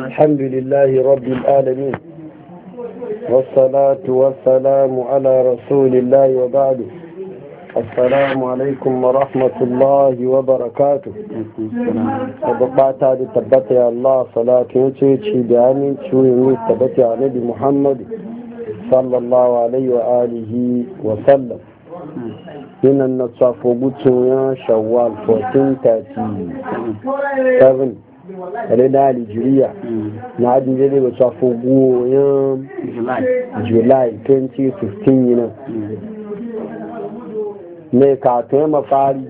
الحمد لله رب العالمين والصلاة والسلام على رسول الله وبعد السلام عليكم ورحمة الله وبركاته وبقعت هذه تبت يا الله صلاة يوتيتي بأمين شوي تبت يا نبي محمد صلى الله عليه وآله وسلم من النصف وقلت يا شوال 1437 ẹ̀rẹ́dá algeria na adúgbé lè wọ́n sọ́fọ́ owó yán july 2015 yìí náà na kàtún mafari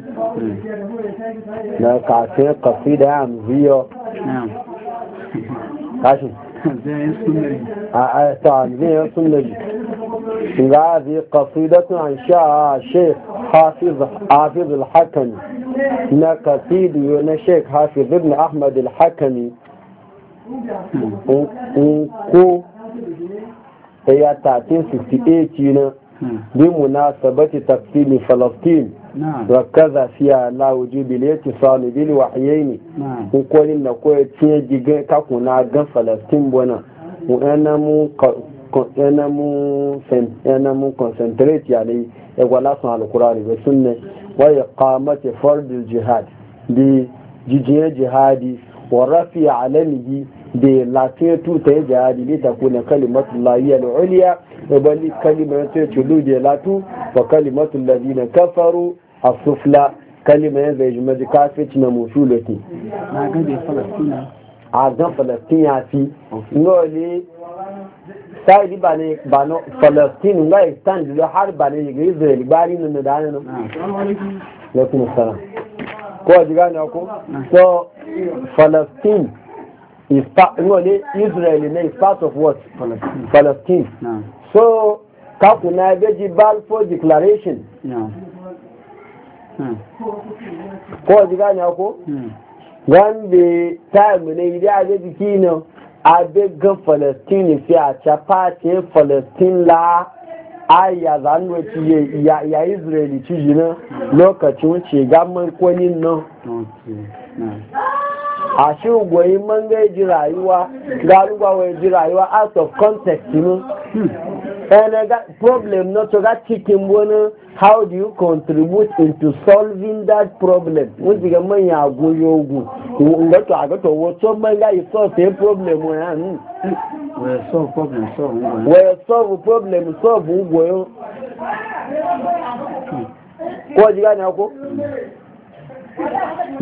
na kàtún kàfí da yà mùsíyọ kashi a ta zai yan هذه قصيدة عن شاء شيخ حافظ حافظ الحكمي هنا قصيدة هنا شيخ حافظ ابن أحمد الحكمي انكو هي تعتين هنا بمناسبة تقسيم فلسطين ركز فيها لا وجوب الاتصال بالوحيين وقال إن كويت فيها كاكونا فلسطين بنا وانا مو yanamu concentrate yanayi ya gwalasun alkurari bai sun ne waya kamata fardil jihad da jijiyar jihadi wa rafi alamihi da lafiya tuta jihadi ne ta kuna kalimatun layi da e bali kalimatun culu da latu wa kalimatun lazina kafaru a sufla kalimatun zai jimaji kafici na musulati a gan falastin ya fi ngole sai ba ne ba no palestine ga stand da har ba ne ga israel bari na da nan ya kuma sana ko ji gane ko so palestine is ne israel ne is part of what Falastin so ka kuna beji balfour declaration ko ji gane ko wanda time ne idan a jiki ne abegan palestine fi àṣà pàṣẹ palestine la aya zanuwa ci ya israeli ci jina lokacin ce gaman kwanin nan a shi goyi man ji rayuwa garuwa wai ji rayuwa out of context and that problem not to that chicken bone how do you contribute into solving that problem wọ́n ti gẹ̀ mọ́yìn àgóyò ogun ìgbẹ́tọ̀ àgọ́tọ̀ wọ́n to mọ́yìn láyé sọ́ọ̀tì problem wọ́n yà solve problem solve wọ́n. solve problem solve wọ́n yọ. kọ́ ọ̀jì ká ní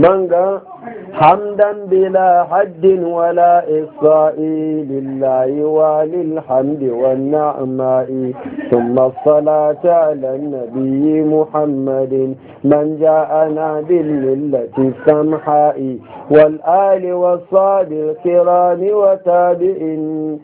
manga hamdan bila haddin wala isra'i lillahi wa lilhamdi wa na'ma'i thumma salata ala nabiyyi muhammadin man ja'ana bil millati samha'i wal ali wa sadi kirami wa tabi'in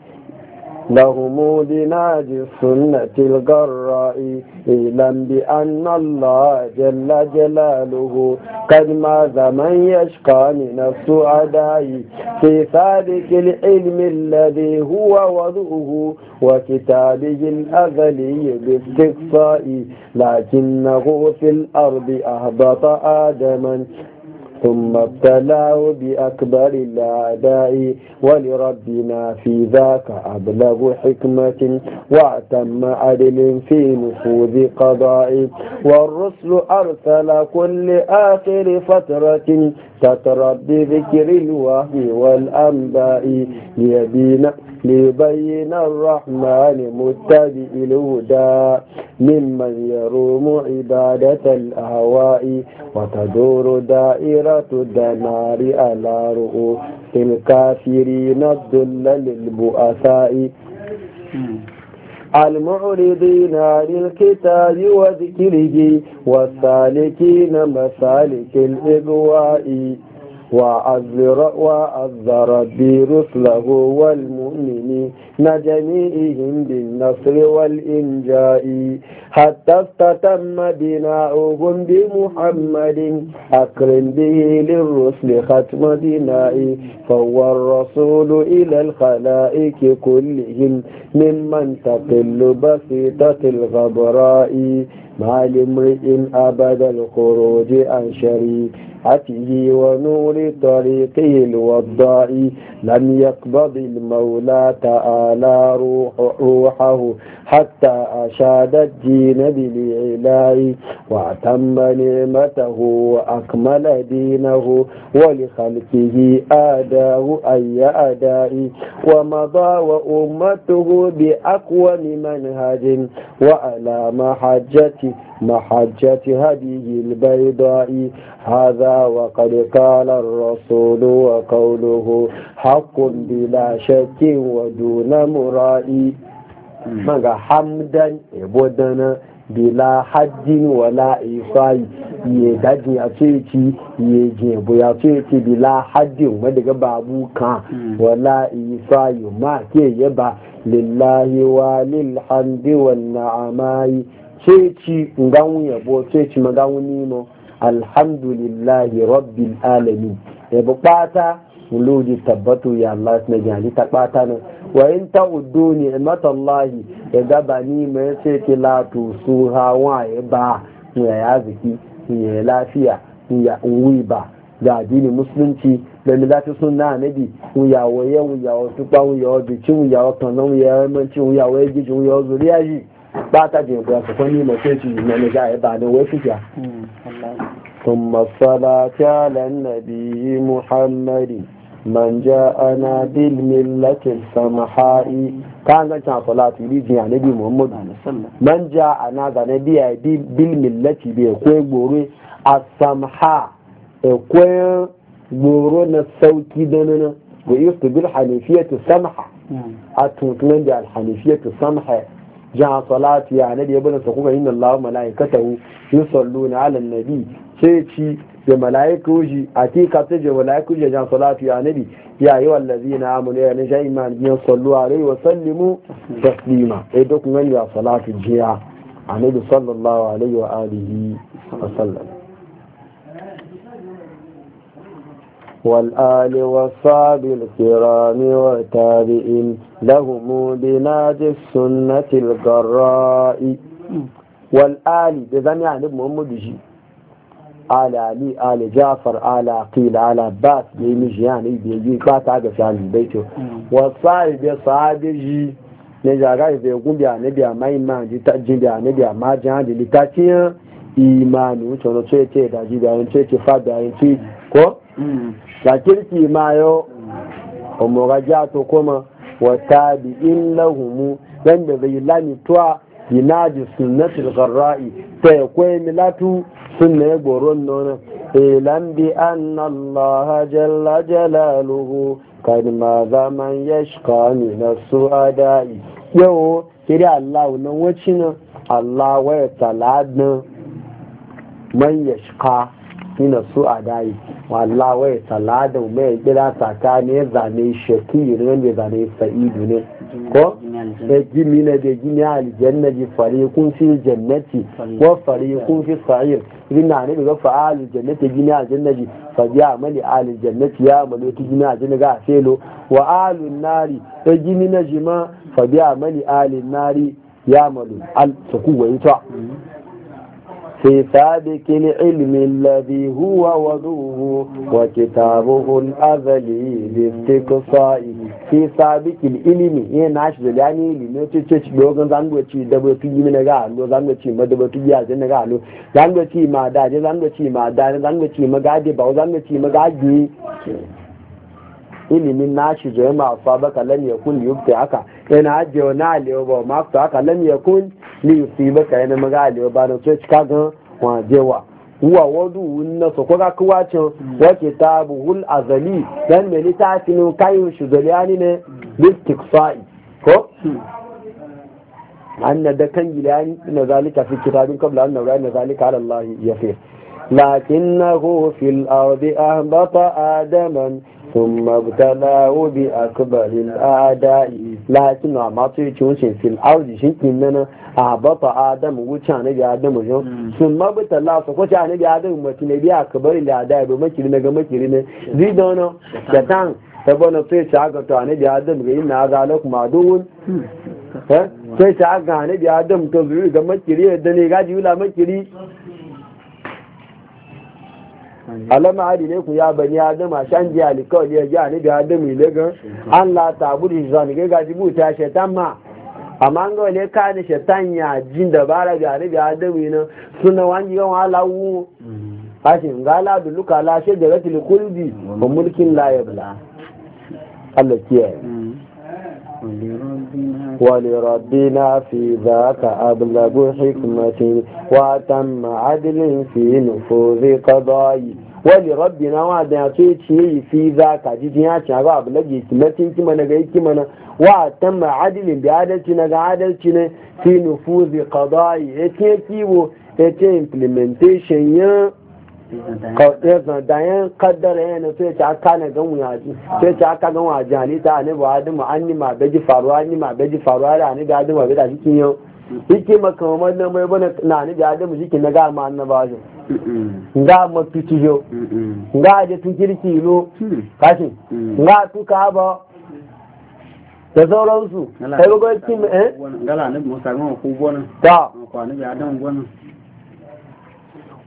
لهم لناج السنة الغراء إعلم بأن الله جل جلاله قد ماذا من يشقى من السعداء في ذلك العلم الذي هو وضعه وكتابه الأغلي باستقصاء لكنه في الأرض أهبط آدما ثم ابتلاه بأكبر الأعداء ولربنا في ذاك أبلغ حكمة واعتم عدل في نفوذ قضاء والرسل أرسل كل آخر فترة تترى بذكر الوهم والأنباء ليبين ليبين الرحمن متبئ الهدى ممن يروم عبادة الأهواء وتدور دائرة الدمار على رؤوس الكافرين الذل للبؤساء المعرضين عن الكتاب وذكره والسالكين مسالك الإغواء وأذر وأذر رسله والمؤمنين جميعهم بالنصر والإنجاء حتى استتم بناؤهم بمحمد أكرم به للرسل ختم دنائي فهو الرسول إلى الخلائق كلهم ممن تقل بسيطة الغبراء ما لامرئ أبد الخروج عن شريعته ونور طريقه الوضاء لم يقبض المولى تعالى روح روحه حتى أشاد الدين بالإعلاء وأتم نعمته وأكمل دينه ولخلقه آداه أي أداء ومضى وأمته بأقوم منهج وعلى محجته محجة هديه البيضاء هذا وقد قال الرسول وقوله حق بلا شك ودون مرائي مغا حمدا يبودنا بلا حد ولا إيصاي يدجي أتيتي يجي بياتيتي بلا حد ومدق بابوكا ولا إيصاي ما كي يبا لله وللحمد والنعماء sai ci ngawun yabo sai ci magawun nimo alhamdulillahi rabbil alamin yabo bata wuluji tabbatu ya Allah na jani ta bata nan wa in ta uddu ni'matallahi ya gaba ni mai sai ki la tu su hawa ya ba ya ya ziki ya lafiya ya uwi ba da addinin musulunci da milati sunna anabi wuyawo ya wuyawo tukpa wuyawo bici wuyawo kanan wuyawo manci wuyawo ya gijin wuyawo zuriya yi ba ta je ba su kwani mace ci na na ga ba da wai fiya ثم الصلاة على النبي محمد من جاءنا بالملة السمحاء كان كان صلاة يجي يعني نبي محمد من جاءنا ذا نبي بالملة بيكوي بوري السمحاء كوي بورو نسوكي دننا ويفتو بالحنيفية السمحة أتوتمن بالحنيفية السمحة جاء صلاتي على النبي ابن سقوك إن الله ملائكته يصلون على النبي سيتي بملائكه أتيك تجي ملائكه جاء صلاتي على النبي يا أيها الذين آمنوا يا نجا إيمان بيان صلوا عليه وسلموا تسليما إدوك من يا صلاة الجياع النبي صلى الله عليه وآله وسلم والآل والصحاب الكرام والتابعين لهم بناد السنة القراء والآل بذن يعني محمد جي آل علي آل جعفر آل عقيل آل عباس بيمشي يعني بيجي بات عقف يعني بيته والصحاب بصحاب جي نجاغا يقول بيا نبيا ما إيمان جي تأجين بيا نبيا ما جان جي لتاتين إيمان وشنو تشيتي داجي بيا ينتشيتي فابيا ينتشيتي كو da kirki ma yau umura to kuma wa tabi'in lahumu da zai tuwa yinaji sunnatul gharra'i ta ya milatu sunna ya goron nona ilan bi anna allah jalla jalaluhu kan ma zaman yashqa min suadai yau kiri allah na wacce nan allah waya taladin man yashqa min suadai wallawai salada mai gida tsakanin zane shaki ne zane sa'idu ne ko da gimi na da gini aljanna ji fari kun fi jannati ko fari kun fi sa'ir ina ne daga fa'alu jannati gini aljanna ji fadi amali aljannati ya ya ki ta gini aljanna ga felo wa alu nari da gimi na jima fadi amali alin nari ya amali al suku في سابق العلم الذي هو وضوه وكتابه الأذلي باستقصاء في سابق العلم هي ناشد يعني بيوغن لنتشش لوغن زانوتي دبوتي من غالو تشي ما دبو دبوتي يازن غالو تشي ما داجي تشي ما داجي تشي ما غادي باو تشي ما غادي ilimin nashi jama'a sabaka lam yakun yubti haka ina ajiye wani alewa ba ma haka lam yakun ní ìsinmi kàrẹ́ ní mẹ́gà àlèwọ̀ bá náà tó ẹ̀ gan wọn wa? wúwà wọ́dù wúnná sọ̀kọ́ ká kíwá can ta azali lẹ́nu mẹ́lí tá a ní an na da kan gilani na zalika fi kitabin kabla an na zalika ya لكنه في الأرض أهبط آدما ثم ابتلاه بأكبر الأعداء لكن ما تيجون في الأرض شيء شكلنا أهبط آدم وكان يبي آدم وجون ثم ابتلاه فكان يبي آدم وكان يبي أكبر الأعداء بمكرنا كمكرنا زي دونا كتان تبون تيجي شاكتو عن يبي آدم غيرنا هذا لكم عدو sai ta aka hanabi adam to zuri ga makiri da ne gaji wula makiri alama ku ya bani adam a shan ji ya ji anibi adam gan an la taburi zani ga gaji buta shetan ma amma an ga wale ka da shetan ya jin dabara ga anibi adam ina suna wani yawan halawu ashe ga la duluka da shajaratul kulbi wa mulkin la Allah kiyaye mm. Wani rabbi na fi da aka abun lagu cikin mutum, wa' tamma cajilin fiye na fudu kadai. Wani rabbi na wani fi da aka aji jin ya ci, ina gobe abun lagu cikin mutum, cikin mana ga cikin mana, wa' tamma cadilin da ya adalci na ya adalci na, fiye na kawai eh, yan kaddara yana sai ta aka na gan wuyaji sai ta aka gan wuyaji ani ta ani ba adi mu anni ma beji faruwa nima ma beji faruwa da ni ga adi ma bida cikin yau yake makamman na mai bane na ni ga adi mu cikin na ga ma ba shi nga ma fiti yo nga je tun kirki lo hmm. kashi mm. nga tu ka ba da sauransu kai ba ko kin eh ngala ne musa ga ko bona ta ko ne ga dan bona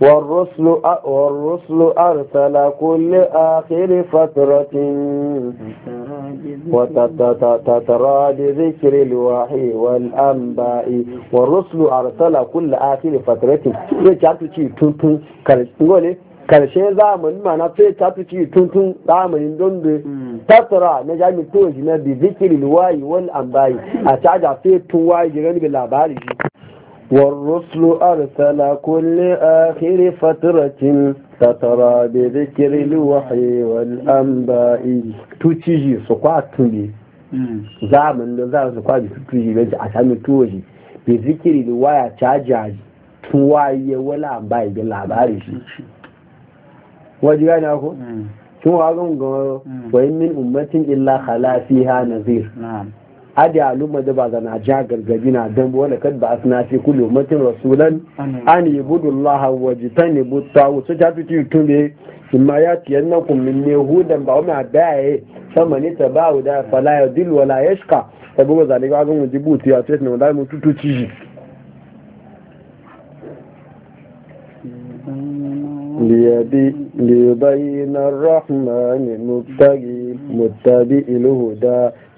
والرسل والرسل ارسل كل اخر فترة وتترى بذكر الوحي والانباء والرسل ارسل كل اخر فترة يجعل تنتن كالشنغولي karshe zamani mana sai ta fi tuntun zamanin don da tattara na jami'in tuwa na bi zikiri wayi wani ambayi a caja sai tun wayi jiran bi labari والرسل أرسل كل آخر فترة تترى بذكر الوحي والأنباء تتجي سقوات تنبي زامن زامن سقوات تتجي بجي أسامي توجي بذكر الوحي تجاج tuwaye wala an bai bin labari shi waje gani ako kin wa gungun wa min ummatin illa khala fiha adi alumma da ba zana ja gargadi na dan wala kad ba asna fi kullu ummatin rasulan an yabudullaha wajtanibu tawu so jatu ti tumbe imma ya tiyannakum min yahudan ba umma bae sama ni tabau da fala yadil wala yashqa abu ba zani ga gun jibuti ya tsaye ne wala mu tutu ci ليبين الرحمن المبتغي متبئ الهدى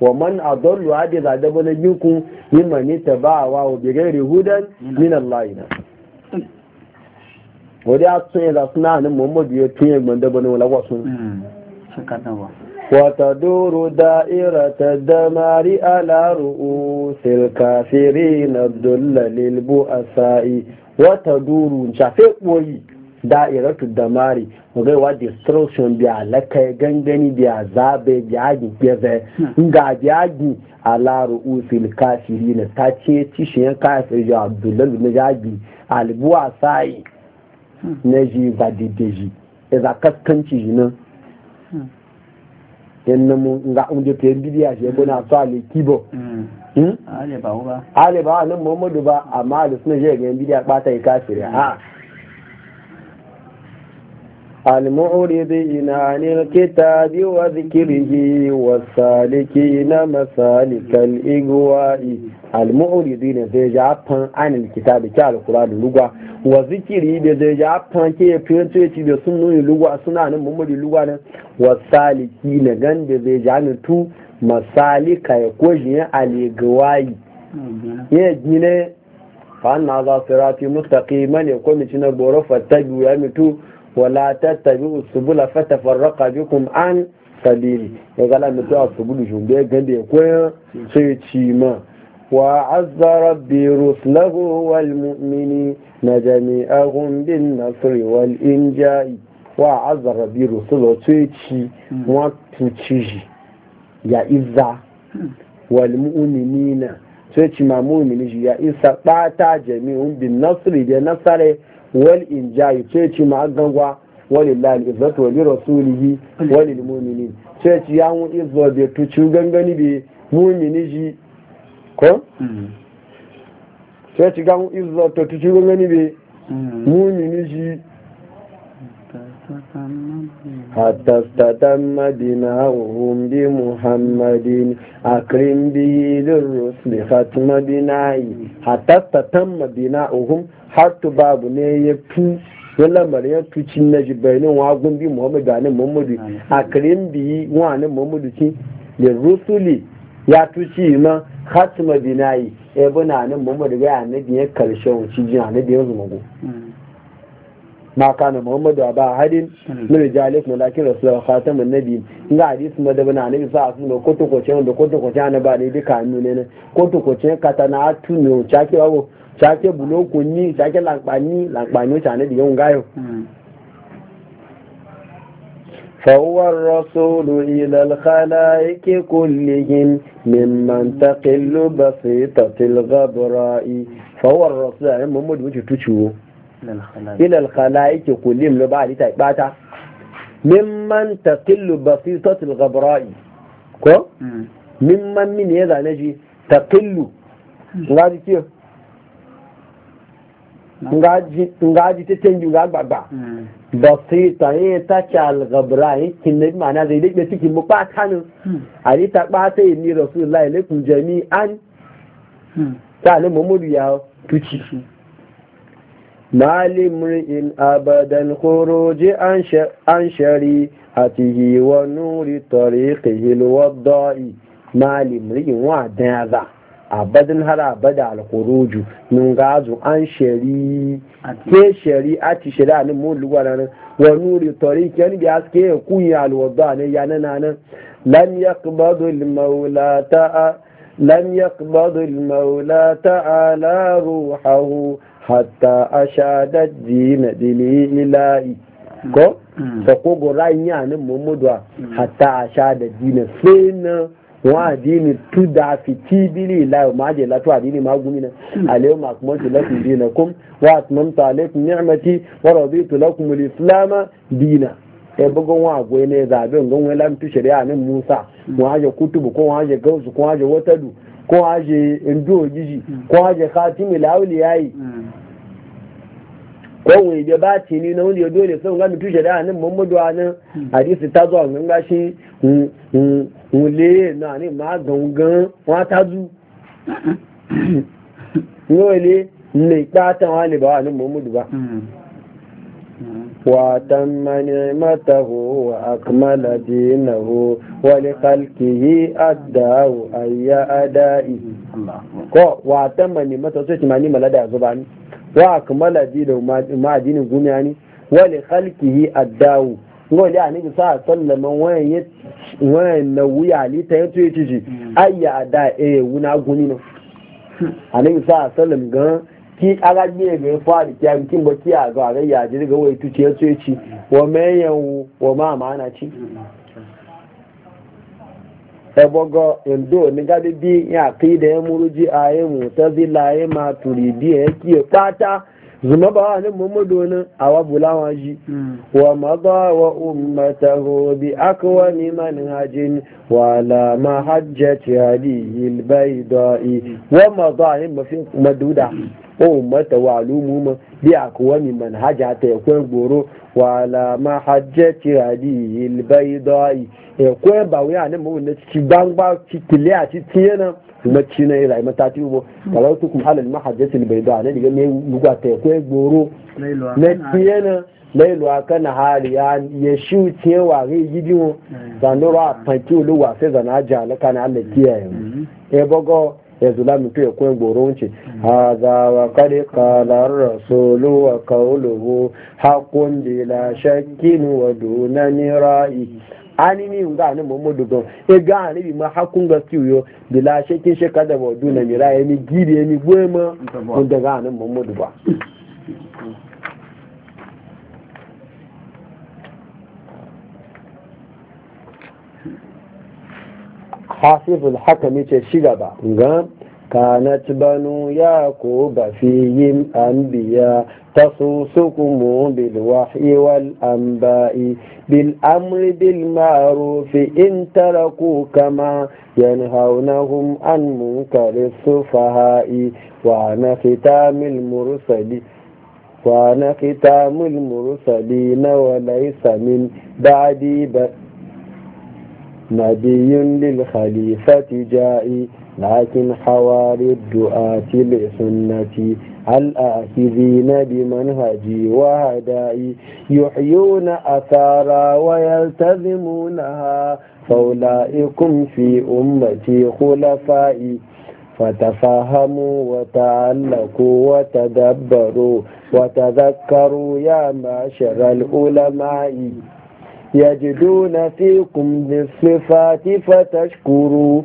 wa man adallu hadi za da bane yinku mimman yataba'awa wa bi ghairi hudan min Allah ina wadi a tun yana suna nan muhammadu ya tun yagban da bane wala wasu hmm, wata duru da'ira ta damari ala ru'usil kafiri na dullalil bu'asa'i wata duru shafe koyi da'iratu damari gaiwa destruction biya lakai gangani biya zabe biya gbe ga biya gi ala ru'usil na ta ce yan kafir ya abdullalu na jagi albuwa sai na ji ba dedeji ya za kaskanci ji nan yan namu ga unje ta yin bidiya shi yabo na so ale kibo ale ba nan muhammadu ba amma da suna je ga yin bidiya bata yi kafir ha المعرضين عن الكتاب وذكره والسالكين مسالك الإغواء المعرضين زيجا فان عن الكتاب كال القرآن لغا وذكره بزيجا فان كي فينتو يتي بسنو لغا سنة عن نممد لغا والسالكين غن بزيجا نتو مسالك يكوجي الإغواء يجيني فأنا ذا صراطي مستقيما يكون من بورو فاتجوا يمتو wala tattabi subula fatafarraqa bikum an sabili ya gala mutu a subulu shugbe gande koyan sai ci ma wa azza rabbi ruslahu wal mu'mini na jami'ahum bin nasri wal inja'i wa azza rabbi ruslahu sai ci wa tuci ya izza wal mu'minina sai ci ma mu'mini ya isa bata jami'un bin nasri da nasare wal injayi ce ci ma'agangwa walillahi izzatu wa li rasulihi wa lil mu'minin ce ci ya mu izzo be tuci gangani be mu'mini ji ko mm. حتى استتم دماؤهم بمحمد أكرم به للرسل ختم بنائي حتى استتم دماؤهم حتى باب نيبتو yalla mariya tucin na jibainin wa gumbi muhammad a nan muhammadu a karin biyi wa nan muhammadu ki da rusuli ya tuci ma hatima binayi ebe na ne muhammadu ga ne ya karshen wuci jina na biyan zumago ma kana muhammadu a ba hadin min rijalif na lakin rasul wa khatamun nabi na da bana nabi sa asu no koto ko chen ana koto ko chen ba ne dika nu ne koto ko chen kata na atu no chake wawo chake bulo ko gayo فهو الرسول إلى الخلائق كلهم ممن تقل الغبراء فهو الرسول محمد وجه ilal khalaiki kullum lo ba alita ibata mimman taqillu basitatul ghabra'i ko mimman min ya zane shi taqillu nga ji kiyo nga ji ta canji nga gbagba basita ya ta ce al-ghabra'i kin na ma'ana zai dake cikin mu ba kanin alita ba ta yi ni rasulullahi alaikum jami'an ta alimu mudu ya tuci malimri'in abadan khuruji an shari'atihi wa nuri tariqihi alwadda'i malimri'in wa dan za abadan har abada alkhuruju nun gazu an shari ke shari'ati shari'a ne mu lugwana nan wa nuri tariqi an bi aske kunya alwadda'i ne yanana nan lam yaqbadu almawla ta'a lam yaqbadu almawla ta'ala ruhahu hatta ashadat jina dili ilahi ko ta mm. kogo ran yanin mummudu mm. hatta ashadat jina sai na wa adini tu da fi ti bili ilahi ma je latu adini ma gumina mm. alayhi ma kuma tu lakum dinakum wa atmamtu alaykum ni'mati wa raditu lakum al-islam dina e bugun wa goyi ne zabe ngon wela mutu shari'a nan Musa mu haje kutubu ko haje gausu ko wata du? ko haje indu ojiji hmm. ko haje khatimi lauli yayi hmm. ko wani da ba ce ni na wani ya dole sun ga mutu shari'a nan muhammadu a nan hmm. hadisi ta zuwa gan gashi wule na ne ma gangan wa ta zu wale ne ipata wa ne ba wa nan muhammadu ba وأتم نعمته وأكمل دينه ولخلقه أداه أي أدائه وأتم نعمته سوى تماني لدى زبان وأكمل دينه ما دين قمياني ولخلقه أداه ngoli a nabi sa sallama wayan wayan na wuya ali ta yato yace ji ayya da eh wuna guni no a nabi sa sallam ki ala gbe ga fari ki nke kin baki azo ga ya ji daga wai tuce ya ce ci wa me yawo wa ma mana ci ebogo ndo ni gadi bi ya aqida ya muruji ayi mutazila ayi maturidi ya ki zuma ba ne muhammadu wani awa bulawa ji hmm. wa maza wa ummatahu bi akwa ni manhajin wa la mahajjati hadihi albaydai wa maza ne mafi maduda wa alumu ma bi akwa ni ta ya kwen goro wa la mahajjati hadihi albaydai ya kwen ba wuya ne na ci gbangba ci kile a ci tiyanan mẹ́tí na yi ìmẹ́ta tí tiwo kalau tukun halal mahajjatin bai da ne diga ne luga ta ko goro na tiyana lailu aka na hali ya shi tewa ga yi biyu zanuru a fanki oluwa ya goro wuce haza wa hakun anini nga ni mo modugo e ga bi ma hakunga tiyo kiyo da la shekin sheka da wadu na mira e mi gidi e mi gwema on mun da ga ni muhammadu ba hasibul hakami ce shiga ba ga كانت بنو يعقوب فيهم أنبياء تصوصكم بالوحي والأنباء بالأمر بالمعروف إن تركوا كما ينهونهم عن منكر السفهاء وعن ختام المرسلين وعن ختام المرسلين وليس من بعدي نبي للخليفة جائي لكن حوالي الدعاة لسنتي الآخذين بمنهجي وهدائي يحيون أثارا ويلتزمونها فأولئكم في أمتي خلفائي فتفهموا وتعلقوا وتدبروا وتذكروا يا معشر العلماء يجدون فيكم بالصفات فتشكروا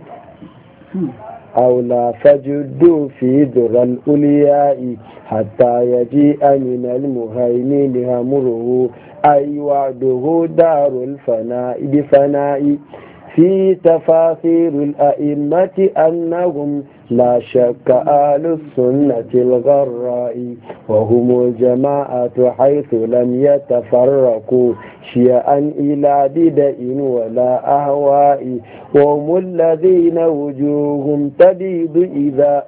أولى فجدوا في ذرى الأولياء حتى يجيء من المهيمن أمره أي وعده دار الفناء بفناء في تفاصيل الأئمة أنهم لا شك أهل السنة الغراء وهم الجماعة حيث لم يتفرقوا شيئا إلى بدع ولا أهواء وهم الذين وجوههم تبيض إذا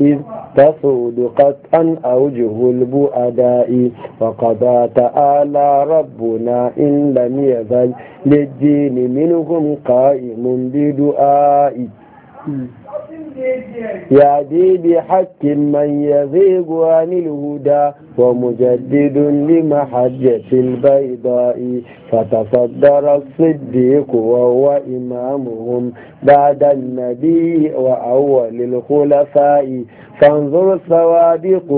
إذ تسود قطعا أوجه البؤداء وقضى تعالى ربنا إن لم يزل للدين منهم قائم بدعائي يا ديب بحق من يغيب عن الهدى ومجدد لمحجة البيضاء فتصدر الصديق وهو إمامهم بعد النبي وأول الخلفاء فانظر سوابقه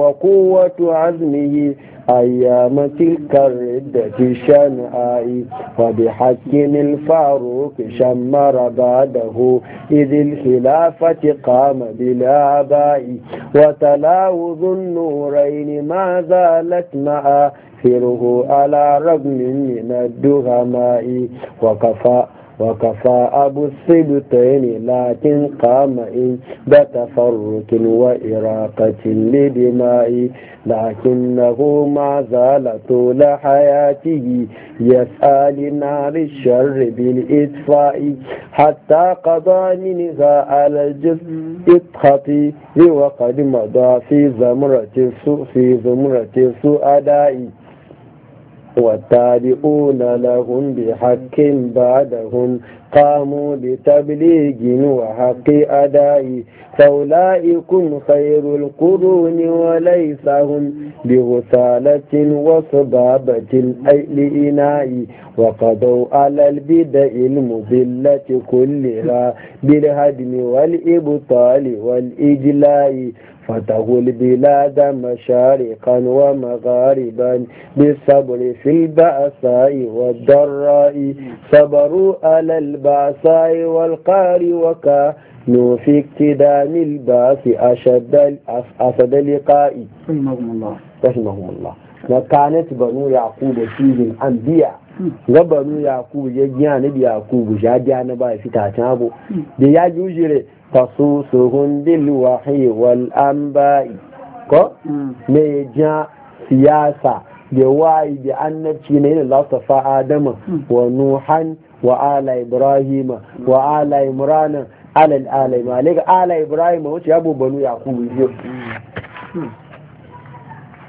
وقوة عزمه أيام تلك الردة شنعاء وبحق الفاروق شمر بعده إذ الخلافة قام بلا أباء وتلاوذ النورين ما زالت معا فره على رغم من الدهماء وكفى وكفى أبو السبطين لكن قام إن بتفرق وإراقة لدماء لكنه ما زال طول حياته يسعى لنار الشر بالإطفاء حتى قضى منها على الجزء إطخطي وقد مضى في زمرة في زمرة سؤدائي والتابعون لهم بحق بعدهم قاموا بتبليغ وحق أداء فأولئكم خير القرون وليس هم بغسالة وصبابة أي إناء وقضوا على البدع المذلة كلها بالهدم والإبطال والإجلاء فتغوا بلاد مشارقا ومغاربا بالصبر في البأساء والضراء صبروا على البأساء والقار وكانوا في اكتدام الباس أشد أسد لقاء رحمهم الله رحمهم الله وكانت بنو يعقوب فيهم الأنبياء ga يعقوب يجيان بيعقوب gina nabi yakubu ya gina ba tasusuhun bilwahi wal anba'i ko hmm. me ja siyasa da wayi da annabci na yin lasafa adama hmm. wa nuhan wa ala ibrahima wa ala imrana ala ala ibrahima wuce ya banu yakubu biyu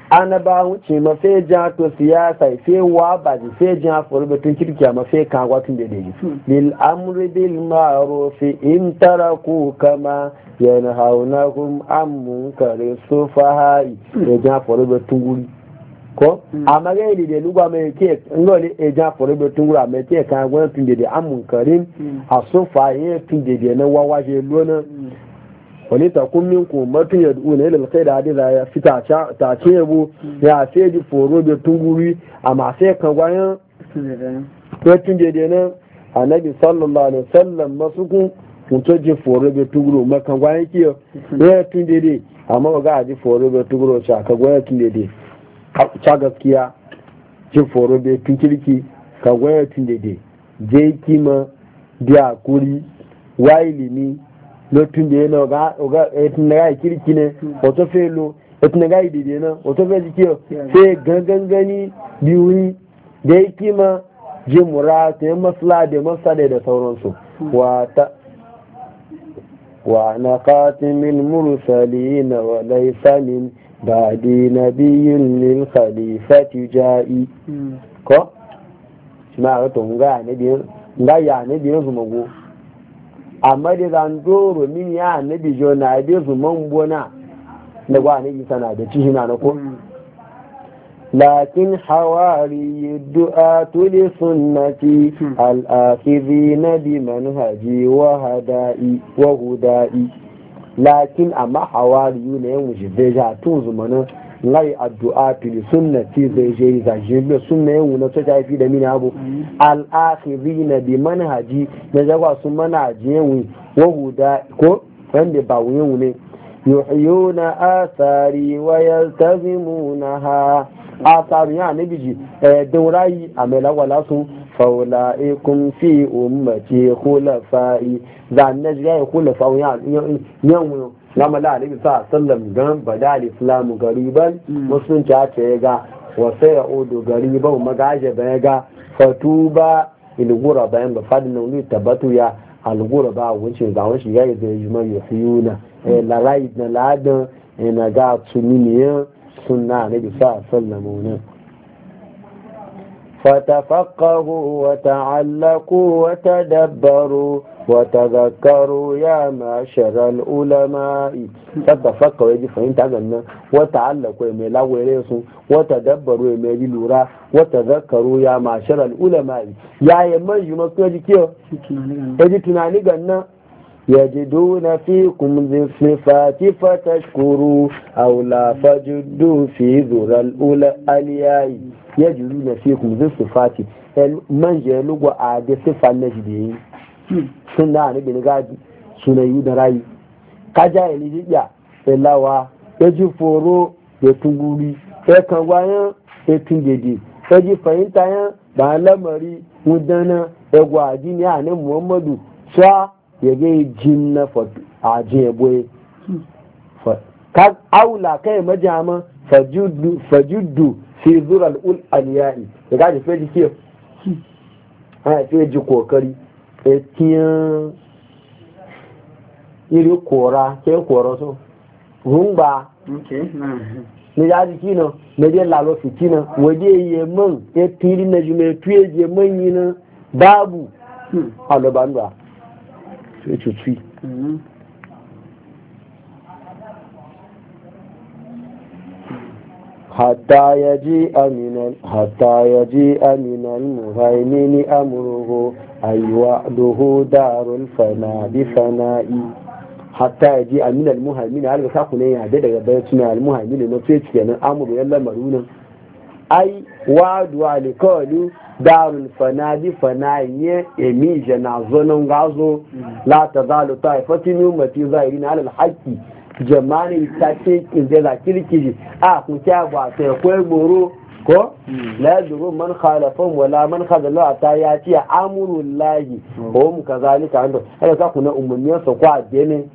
anaba ba wuce ma fe ja to siyasa fe wa ba ji fe ja furu betun kirkiya ma fe kan wa tun dede hmm. lil amri bil ma'ruf in taraku kama yanhaunahum am munkar sufaha hmm. ya ja furu betun guri ko hmm. amma ga yi da lugwa mai ke ngole e ja furu betun gura mai ke kan wa tun dede am munkarin asufa ye tun dede na wawaje lona wani takun min ku matun ya du'u ne lalkai da hadi da ya fi tace yabo ya ce ji foro tun guri a masu yakan gwayan tun jade na annabi sallallahu alaihi wasallam masu kun mutum ji foro da ma makan gwayan kiyo ya tun jade amma ga a ji foro da tunguru ka gwayan tun jade ca gaskiya ji foro be tun kirki ka gwayan tun jade je kima biya kuri wa ilimi lotun da yana ga ga na ga kirki ne wato hmm. felo wato na ga idide na wato ga jike hmm. sai gangan gani biyu da yake ma je murata ya masla da masala da sauransu hmm. wa ta wa na qatimil mursalin wa laysa min ba'di nabiyyun lil khalifati ja'i ko shi ma ga to ga ne biyan ga ya ne biyan su mago amma da zandoro min ya annabi jona da zuman bona da ba annabi sana da na na ko lakin hawari du'a tuli sunnati al-akhidina bi manhaji wa hada'i wa huda'i lakin amma hawari ne yan wuce da ja tun zumanin ngai addu'a fil sunnati zai je zaje bi sunna yau na ta fi da mini abu al akhirin bi manhaji na jagwa sun manhaji yi wa huda ko wanda ba wuyin ne yuhyuna athari wa yaltazimunaha athari ya ne biji daurai amela wala su faula'ikum fi ummati khulafai zanen najga khulafai yan yan gama da alibi sa sallam gan bada alislamu gariban mm. musulunci a ce ga wasu ya odo gariban magaje ya ga fatuba ilgura bayan ba fadin na wani tabbatu ya algura ba wuce ga wani shiga ya zai jima ya fi yuna mm. eh, la rai na ladan eh, na ga tuniniyan sunna alibi sa sallam wani allaku wata dabbaru وتذكروا يا معشر العلماء تتفقوا يجي فهمت عنا وتعلقوا يا ملاو ويرسوا وتدبروا يا يمي لورا وتذكروا يا معشر العلماء يا يمن يما كوجي كيو يجي تناني غنا يجدون فيكم ذي الصفات فتشكروا أو لا فجدوا في ذرى الأولى الياء يجدون فيكم صفات من يلقوا عادة صفة نجدين sun na ni bin gadi sunayu da rayu kaja ili jiya elawa yaji foro ya tunguri ya kan wayan ya tungede yaji fahimta yan ba lamari mudana ya gwaji ne a nan muhammadu sa ya ga jin na ajin ya boye aula kai majama fajuddu fi zural ul aliyai ya gaji ha kokari etiyan iri kora ke kora so rumba ne ya me na ne je lalo fiti na waje ye man ya tiri na jume tuye je man yi na babu a da ban ba sai حتى يجيء من حتى يجيء من المهيمن امره اي وعده دار الفناء بفناء حتى يجيء من المهيمن هل بساقنا يعدد بيتنا المهيمن نتيجة أن أمر يلا مرونا أي وعد وعليكولو دار الفناء بفناء يميج نعزونا غازو لا تزال طائفة من أمتي ظاهرين على الحق jamani take inda kirkiri a kun kya ba sai kwai goro ko hmm. la yadru man khalafum wala man khadalu a ya ci amru llahi ko mu kazalika ando kada ka kuna ummiyan sa kwa dene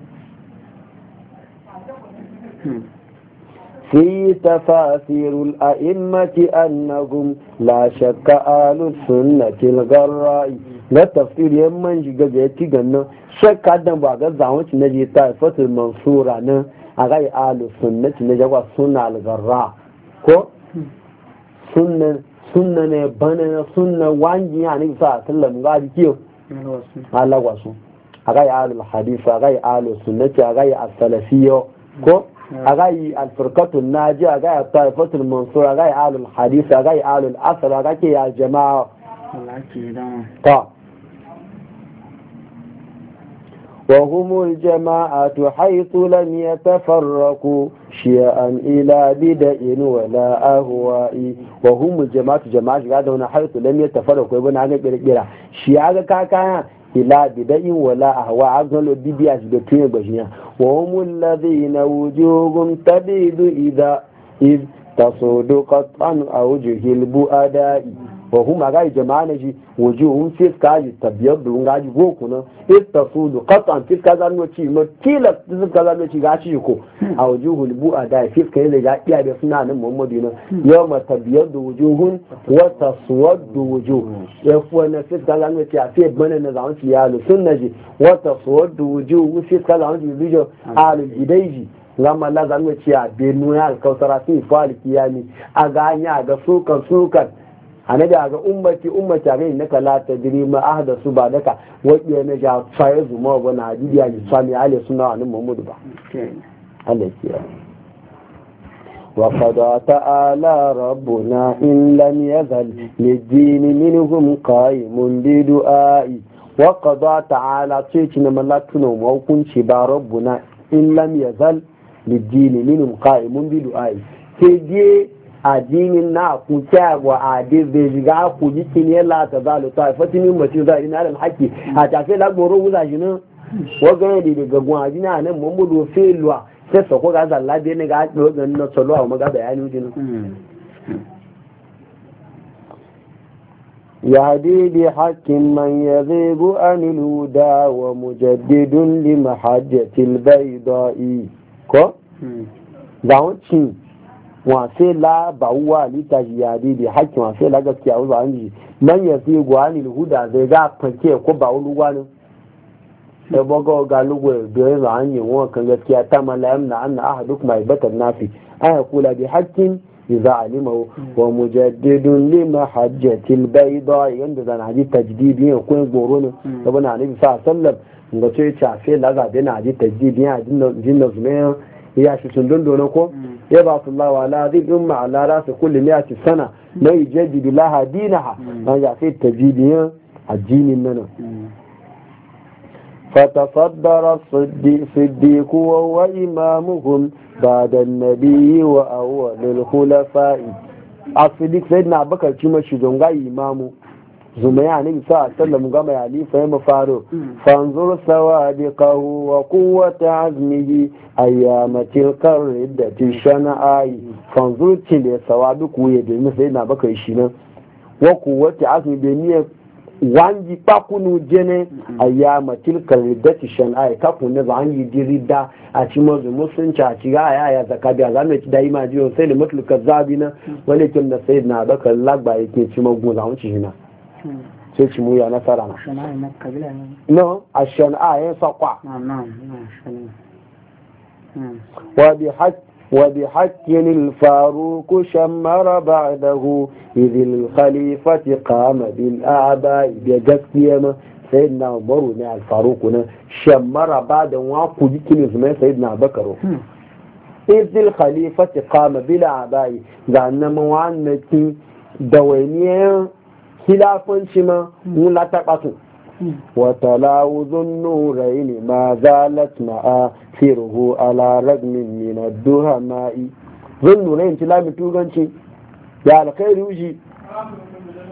في تفاسير الأئمة أنهم لا شك آل السنة الغراء na tafsir yan man shiga da ya ci gannan shakka dan ba ga zawon ci na je ta fatul mansura nan a ga alu sunnati na jagwa sunna al-garra ko sunna sunna ne bana na sunna wanji ya ne sa sallam ga dikiyo Allah wasu a ga al hadith a ga alu sunnati a ga al salafiyyo ko a ga al-firqatun naji a ga ta taifatul mansura a ga al hadith a ga alu al-asr a ga ke ya jama'a Allah ke ta وهم الجماعة حيث لم يتفرقوا شيئا إلى بدء ولا أهواء وهم الجماعة جماعة هنا حيث لم يتفرقوا يبون عن الجرى شيئا كاكا إلى بدء ولا أهواء عقل البدية بكين بجنيا وهم الذين وجوههم تبيد إذا إذ تصود قطعا أوجه البؤداء bahu huma ga jama'a na shi waje hun fiska ji tabiyar da hun gaji goku nan ita su da an fiska za mu ci ma tilas fiska za mu ci ga shi ko a waje hulbu a da fiska e ne ga iya da suna nan muhammadu nan yau ma tabiyar da waje hun wata suwar da waje ya fuwa na fiska za mu ci a fiye bane na zaman ci yalo sun na ji wata suwar da waje hun fiska za mu ci bijo alugidaiji lamma la za ci a benu ya alkautara sun fi alikiyami a ga hanya ga sukan sukan Ana da ga ummati ummati gani na kalata diri ma ahda su ba daka wabi na ja faye zuma ba na hadiya ni sami ali suna wa muhammadu ba Allah ya وقضى تعالى ربنا إن لم يزل للدين منهم قائم hukunci ba تعالى تيتنا in وكن شبا ربنا إن لم يزل للدين منهم قائم بدعائي تيجي addinin na ku kyawa a dizbe shiga ku ji kine la ta zalu ta fatini mace za ina da haƙi a tafe la goro wuza shi nan wagan da daga gwaji na nan mun budo luwa, sai sako ga zalla be ne ga wagan na solo a maga bayani din يهدي بحق من wa mujaddidun wafe la ba uwa lita bi bi hakki wafe la gaskiya wa an ji nan ya fi gwani huda zai ga fanke ko ba wani ne. da baga ga lugu da ya zuwa yi wa kan gaskiya ta ma layam na an na aha duk mai batar nafi an ya kula bi hakkin ya za a mm. wa mujaddidun lima hajjatil bai da yadda zana haji tajdidi ya kuwa goro ne da mm. bana nabi sa sallam ga ce ya ce a fe la zaɓe na haji tajdidi ya jinna zume ya shi sun dondona ko mm. yaba ba su lawa la zai yi umma ala za su kulle ne a ci sana na yi jeji bi la hadi na ha na mm. ya sai ta ji mm. a jinin nana fata fadara su di kuwa wa imamuhun ba da nabi yi wa awon lulhula fa'i a imamu zumaya ne bisa sallam gama ya lifa ya mafaro fanzur sawabiqahu wa quwwata azmihi ayyama tilkar riddati shana'ai fanzur tile sawabiqu ya domin sai na baka shi nan wa quwwata azmi be ne wangi pakunu jene ayyama tilkar riddati shana'ai kakun ne ba zangi da a ci mazu musulunci a ci ga A ya zaka da zamu ci dai ma jiyo sai da mutlukar zabina walakin da sai sayyidina bakar lagba yake ci magun zaunci na. sai mu ya nasara na no a shana'a ya sakwa وبحق الفاروق شمر بعده إذ الخليفة قام بالأعباء بجسيما سيدنا عمر مع الفاروق شمر بعد واقو كل زمان سيدنا بكر إذ الخليفة قام بالأعباء زعنا موان مكي دوينيا khilafanci ma mun lataɓa su وتلاوذ النورين ما زالت مآثره على رغم من الدهماء ذو النورين تلام توغنشي يا الخير يوجي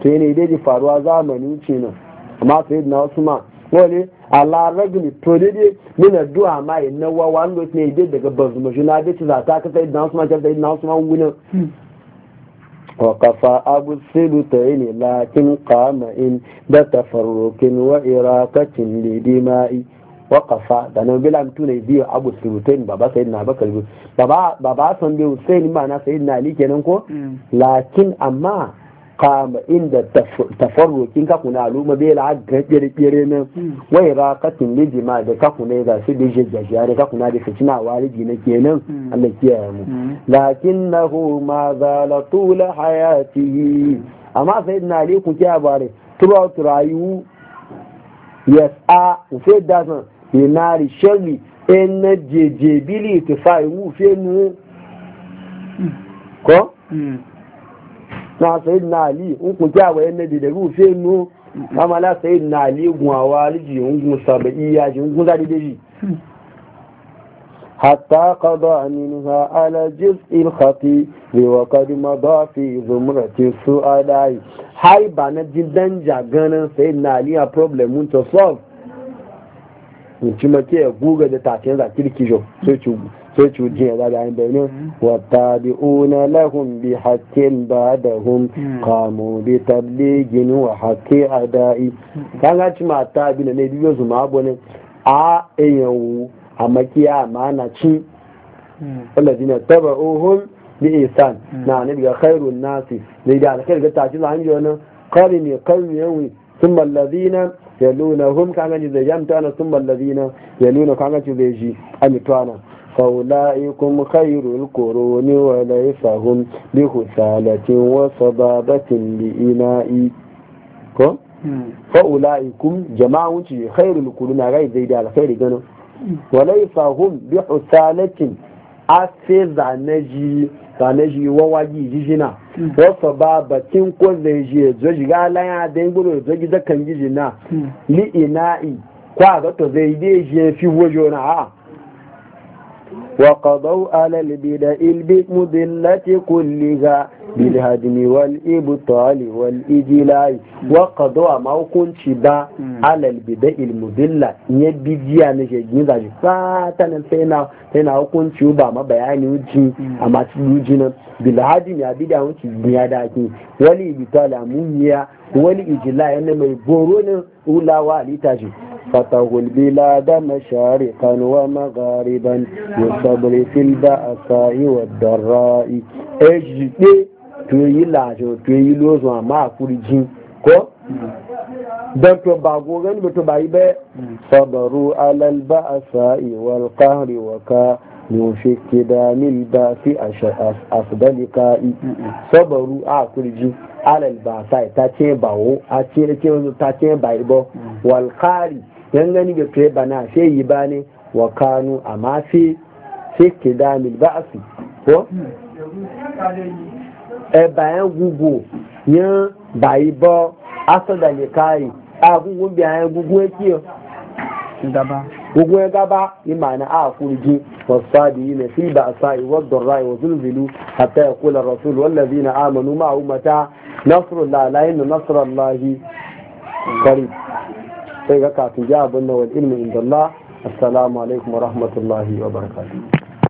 تيني دي فاروا زمن يوجينا ما سيدنا عثمان wani alaragini to daidai nuna duwa ma yi nawa wani lokacin ne daga bazu mashi na dace za ta kasa idan su ma kyauta idan su ma وقفى أبو الثلثين لكن قام إن بتفرق تفرق وإراقة لدماء وقفى دانا بلا متونة بيو أبو الثلثين بابا سيدنا بك بابا بابا سنبي حسين معنا سيدنا علي كننكو لكن أما kama inda tafarrukin kakuna aluma bai la ga kirkire nan hmm. wai ra katin lijima da kakuna ga su da jajjajiya da kakuna da fitina waliji na kenan hmm. Allah kiyaye mu hmm. lakinnahu ma zala tula hayatihi amma na ali ku kiya bare turo turayu yes a ufe dazan inari shari en jejebili itifa iwu fe nu ko na sayid na ali in kun kya wa yanne da rufe nu kama la sayid na ali gun awa liji in gun sabai iya ji in gun zadi daji حتى قضى منها على جزء الخطيب وقد مضى في زمرة السؤال هاي بانا جدا جاغانا سيدنا علي a problem mun to solve mutum ke guga da tafiyan za kirki jo sai cuji ya zada yin bayanin wata bi'una lahum bi hakkin ba da hum kamu bi tabligin wa hakki a da'i kan ga ci mata abin da ne biyu ma abu ne a ayyawu a makiya amana ci wallazina taba'uhum bi isan hmm. na ne ga khairun nasi zai da alkhair ga tafi zan yi wannan qarini qawmi ثم الذين يلونهم كان جزي جامتانا ثم الذين يلونهم كان جزي جي أمتوانا فأولئكم خير القرون وليس هم بخسالة وصبابة لإناء فأولئكم جماعة خير القرون غير زي على خير جنو وليس هم بحسالة أسيز نجي sanaji wawaji jijina wasu ba bakin ko zai je zoji ga laya da yin gudu zoji zakan jijina li ina'i kwa ga to zai je fi wajo na وقضوا على البدع المذلة كلها بالهدم والإبطال والإجلاء وقضوا ما كنت با على البدع المذلة يبدي أنا شيء زاجي فاتنا فينا فينا كنت شبا ما بياني وجي أما تجينا بالهدم يا بدع وانت بياداكي والإبطال أمونيا والإجلاء أنا ما يبورون ولا والي تاجي فتغوا البلاد مشارقا ومغاربا والصبر في البأساء والضراء اجدي توي لاجو توي لوزو ما كوريجين كو dan to ba gogan ba to bai ba sabaru alal ba'sa'i wal qahri wa ka yufi kidamil ba'si asdalika'i sabaru a kurji alal ba'sa'i ta ce bawo a ta yan gani da kai bana sai yi bane wa kanu a mafi fiki damil ba a fi ko? e bayan gugu yan bayi ba asa da ne kari a gugu bayan gugu ya kiyo gaba gugu ya gaba ni mana a kurji wasa da yi mai fi ba a sa'i wadda rai wa zulzulu hatta ya kula rasul wallazi na amanu ma'a umata nasarar lalayin na nasarar lahi kari سيقع تجاب أنه العلم عند الله السلام عليكم ورحمة الله وبركاته